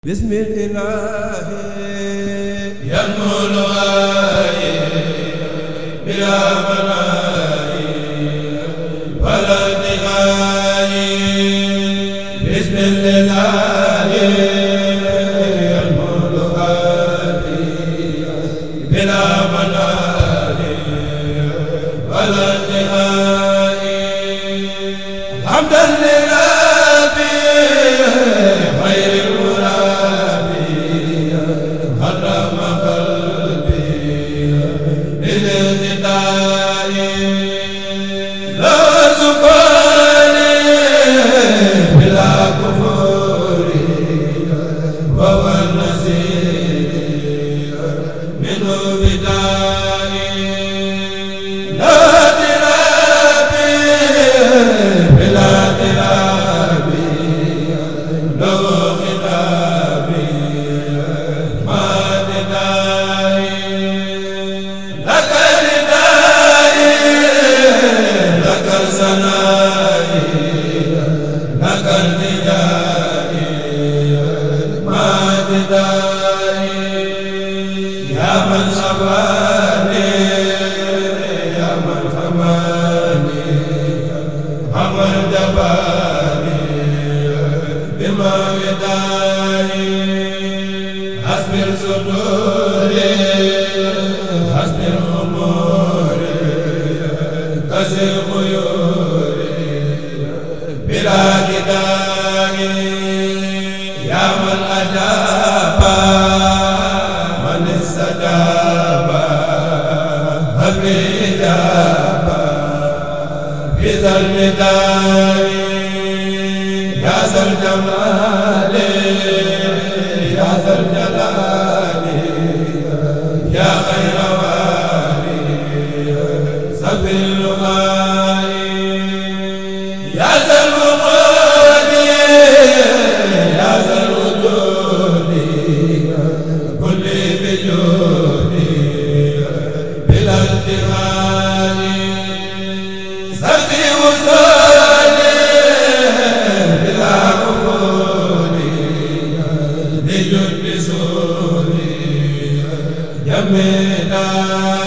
bismillaahi yamul waaye bilaa balaayi wala nihaayi bismillaahi darni لجل زوري جميلا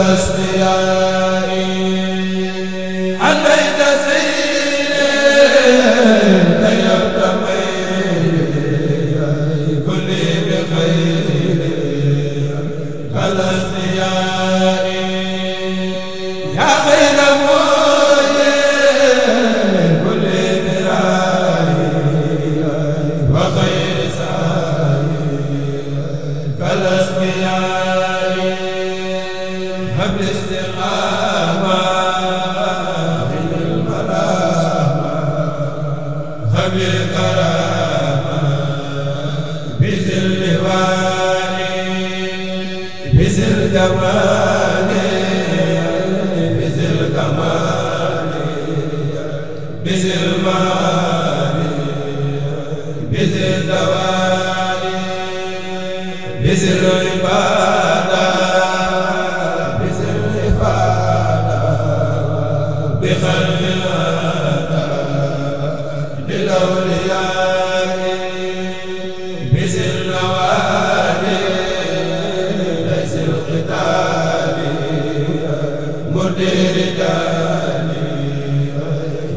الأسقياء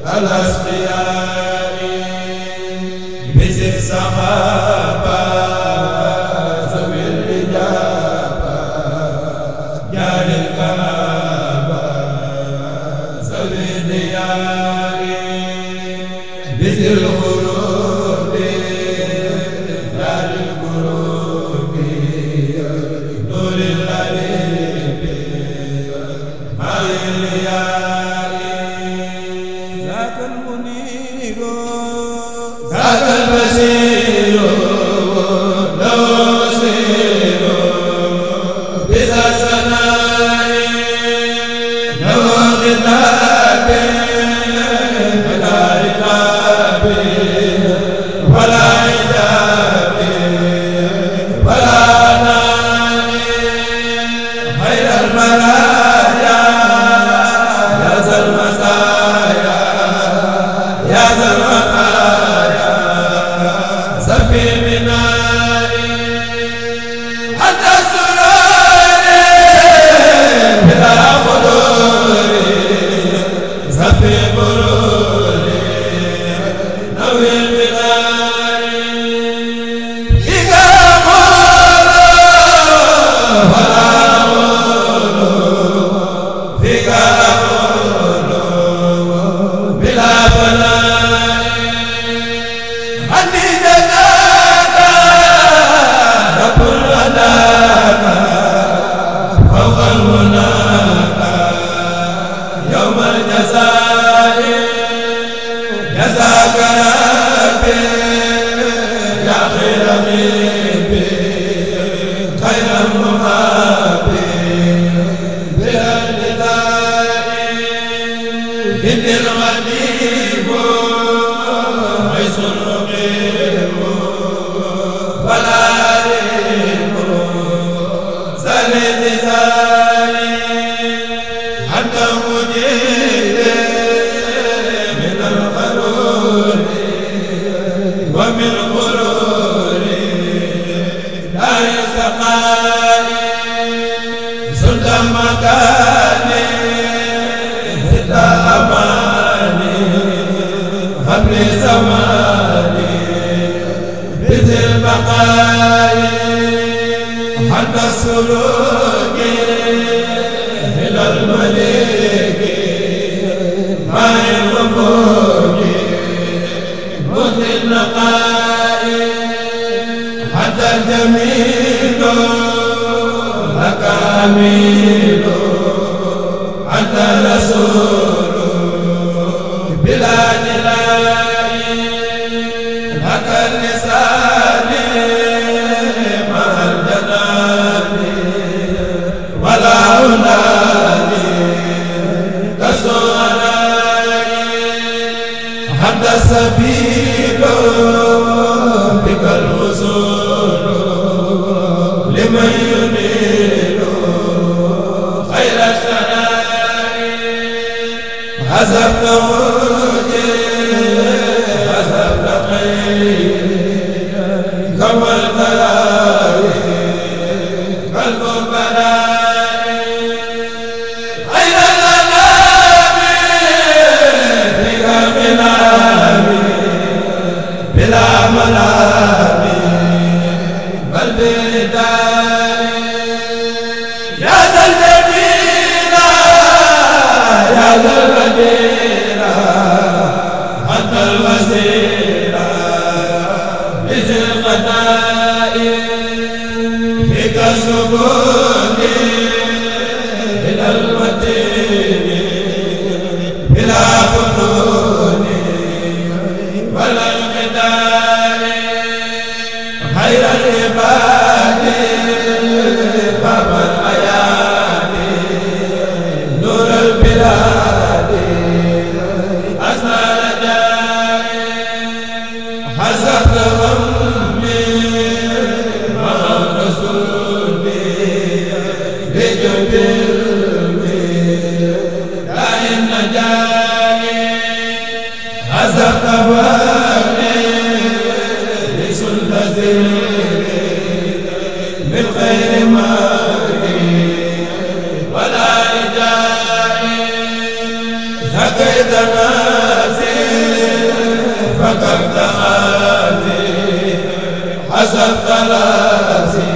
ala Rabbi amiin anta rasul عليه حسن ثلاثي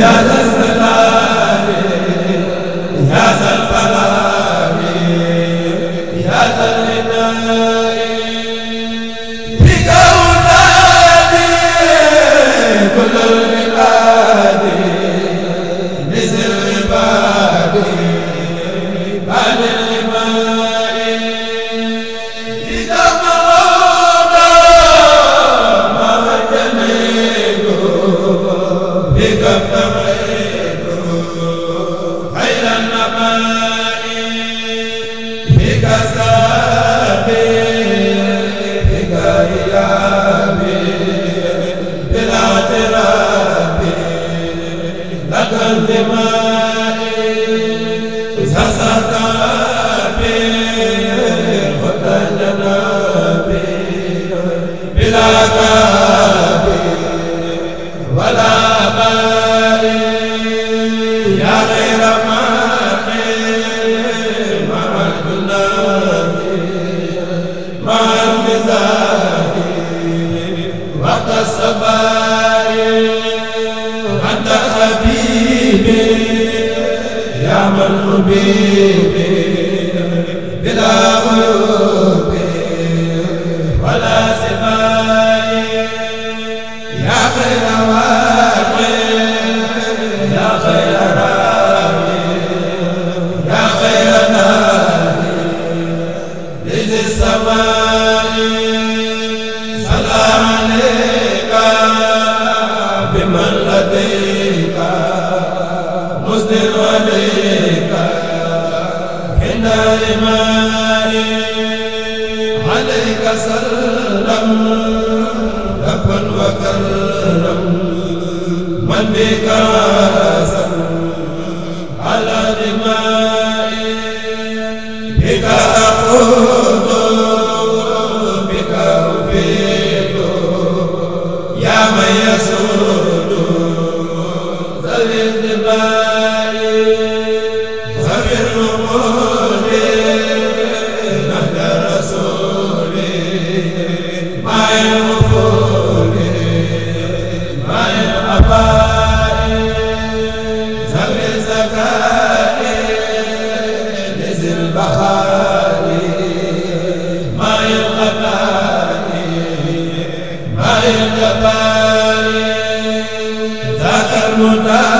yaa bila بك mu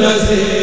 المزيد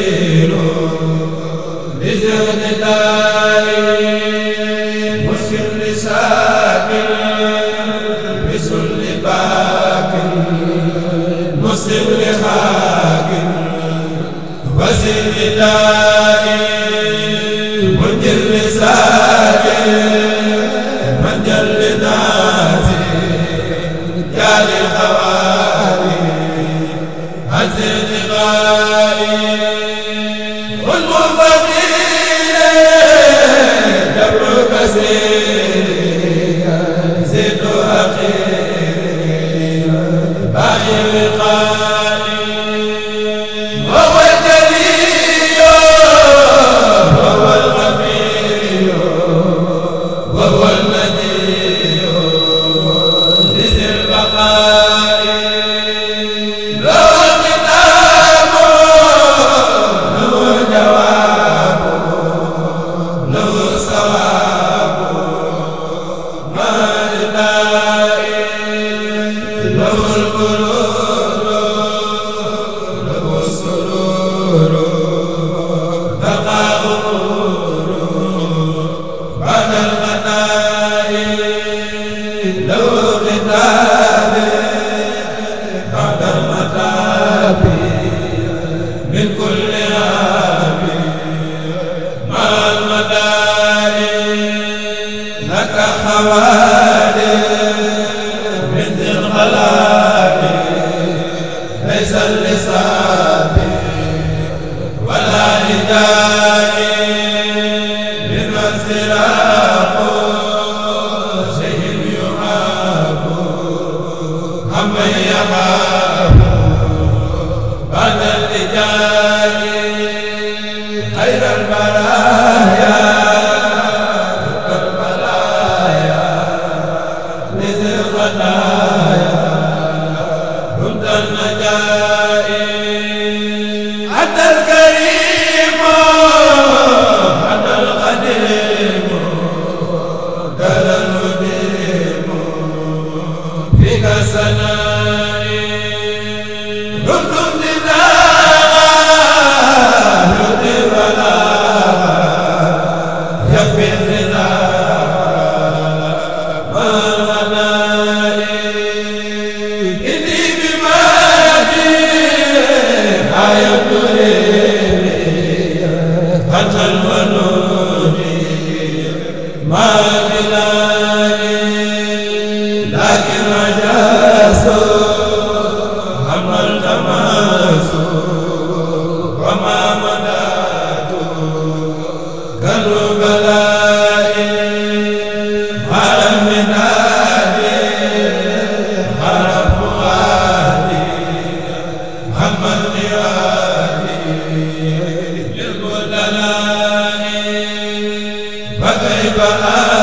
fa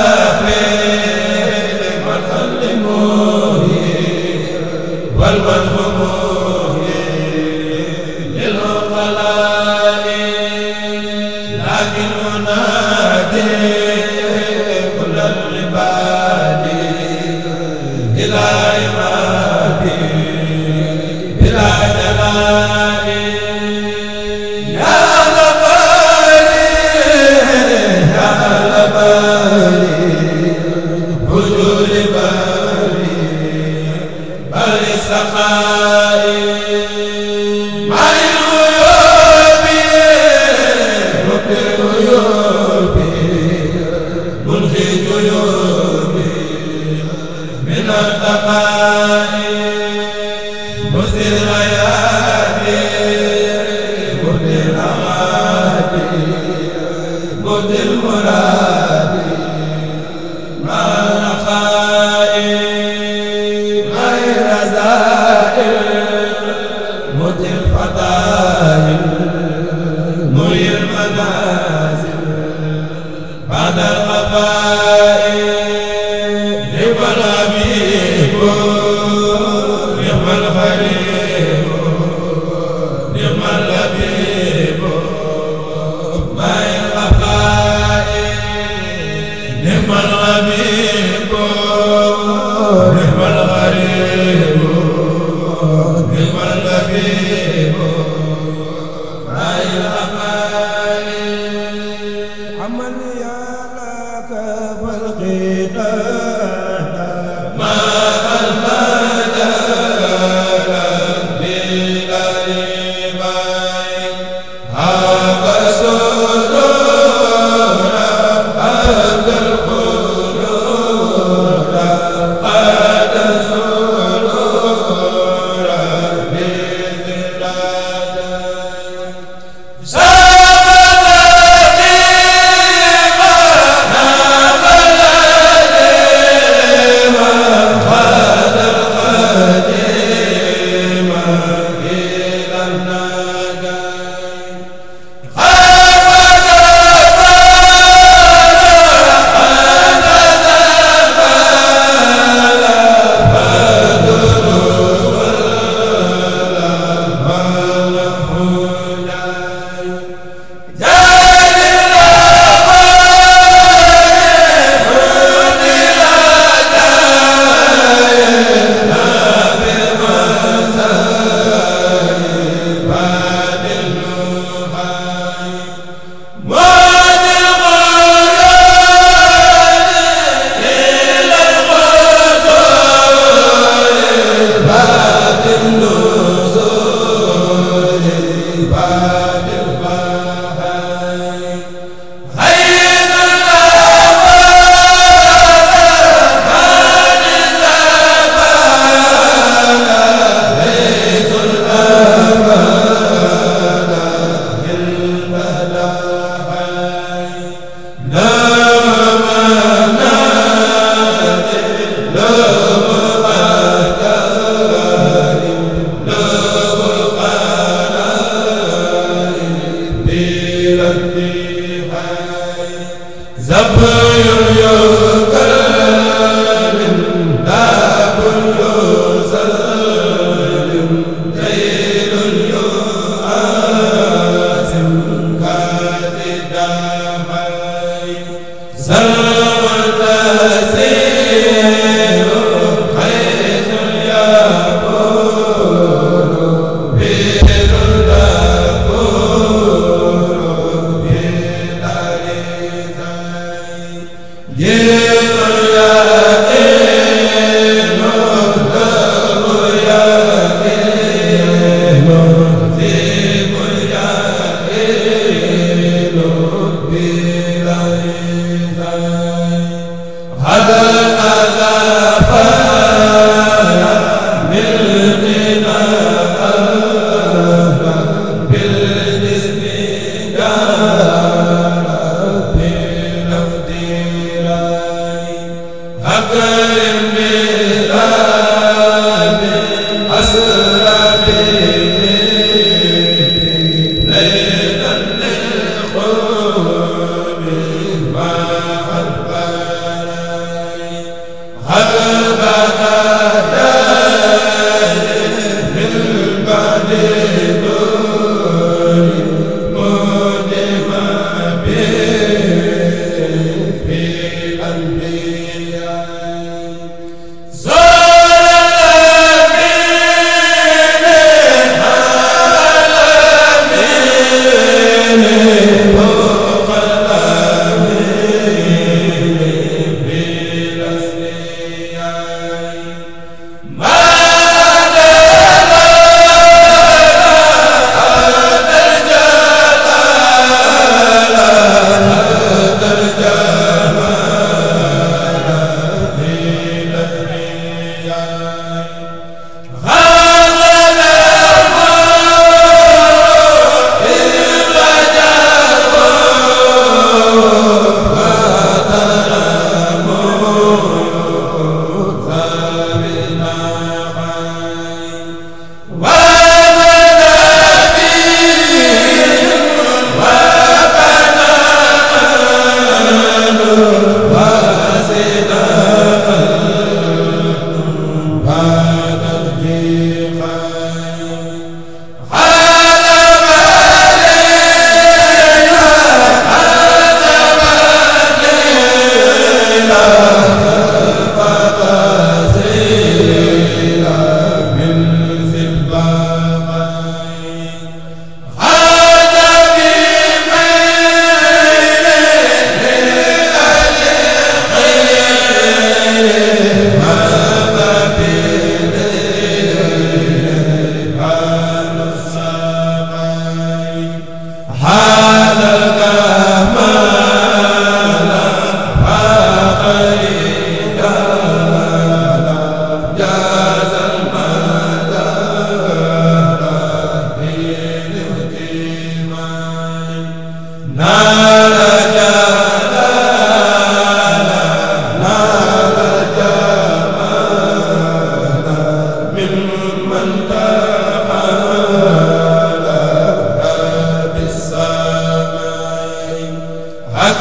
مدل فتاة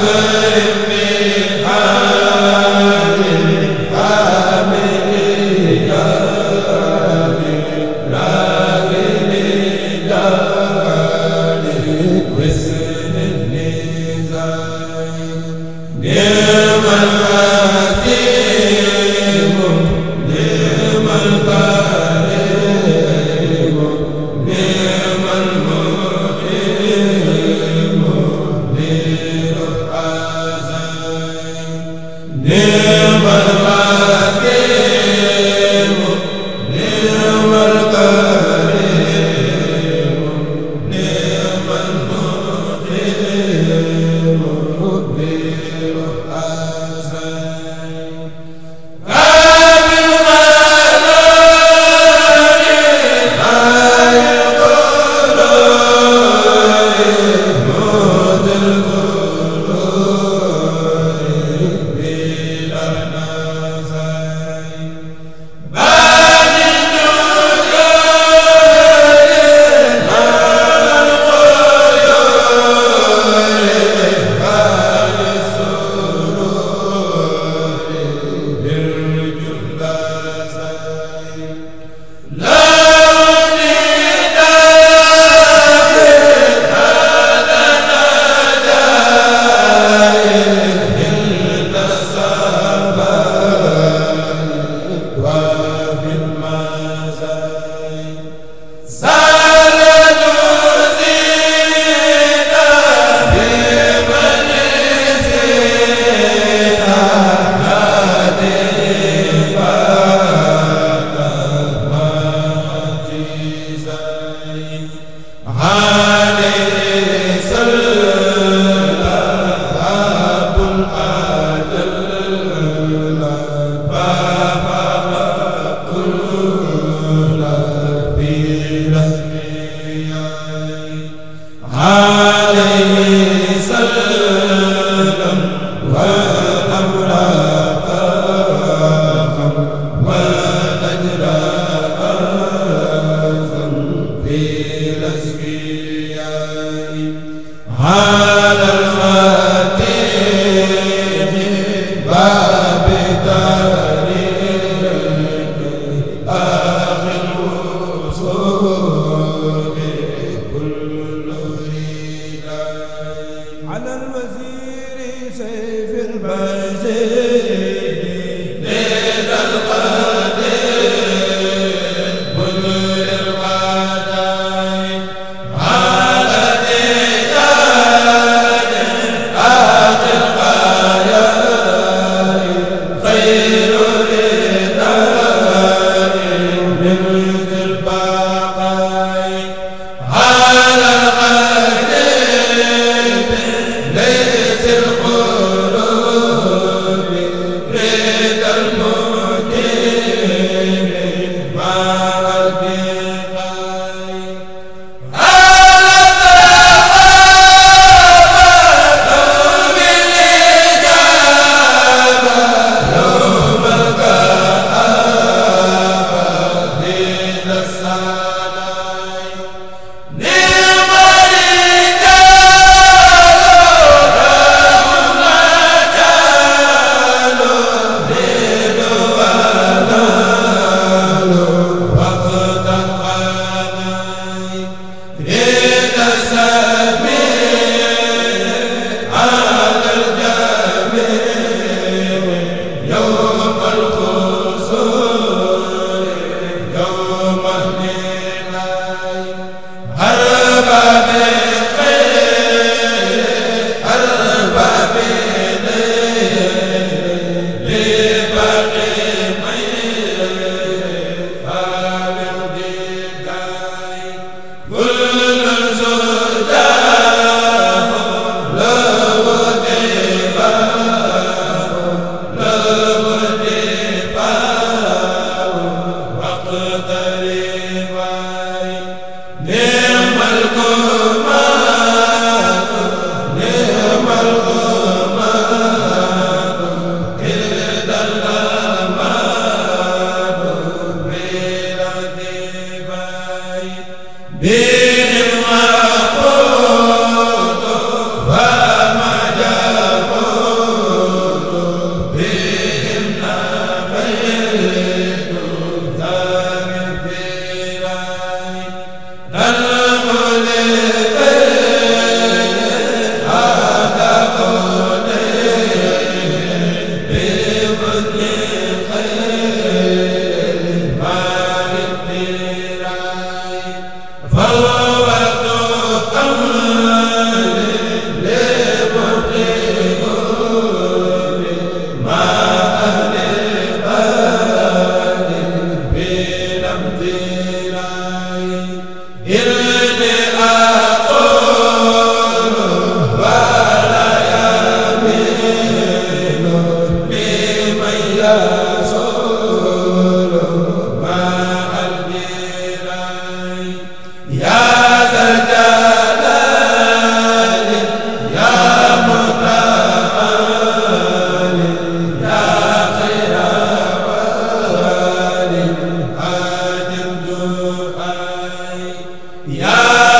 akbar تزكية هذا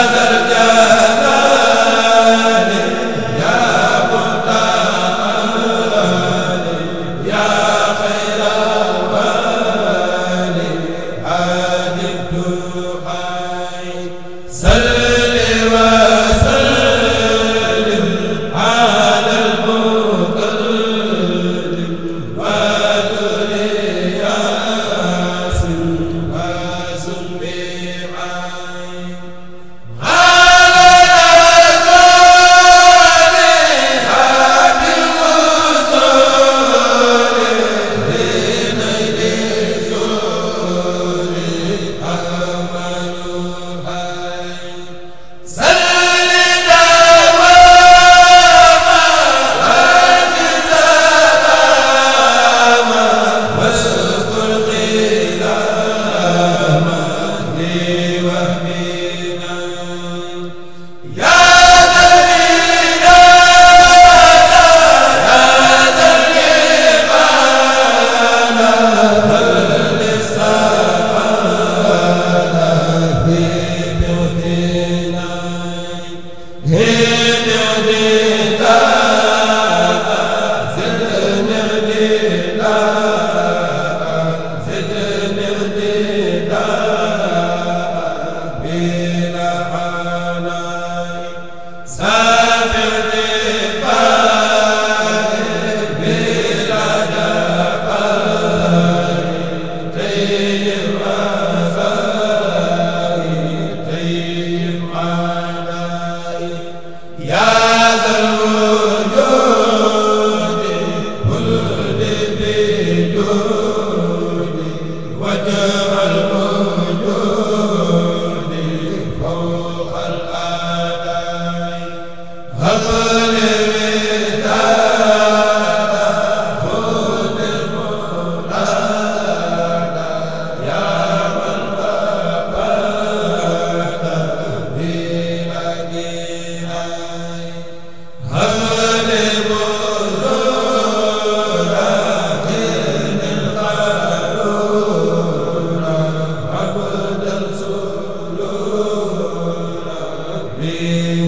a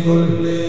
kulli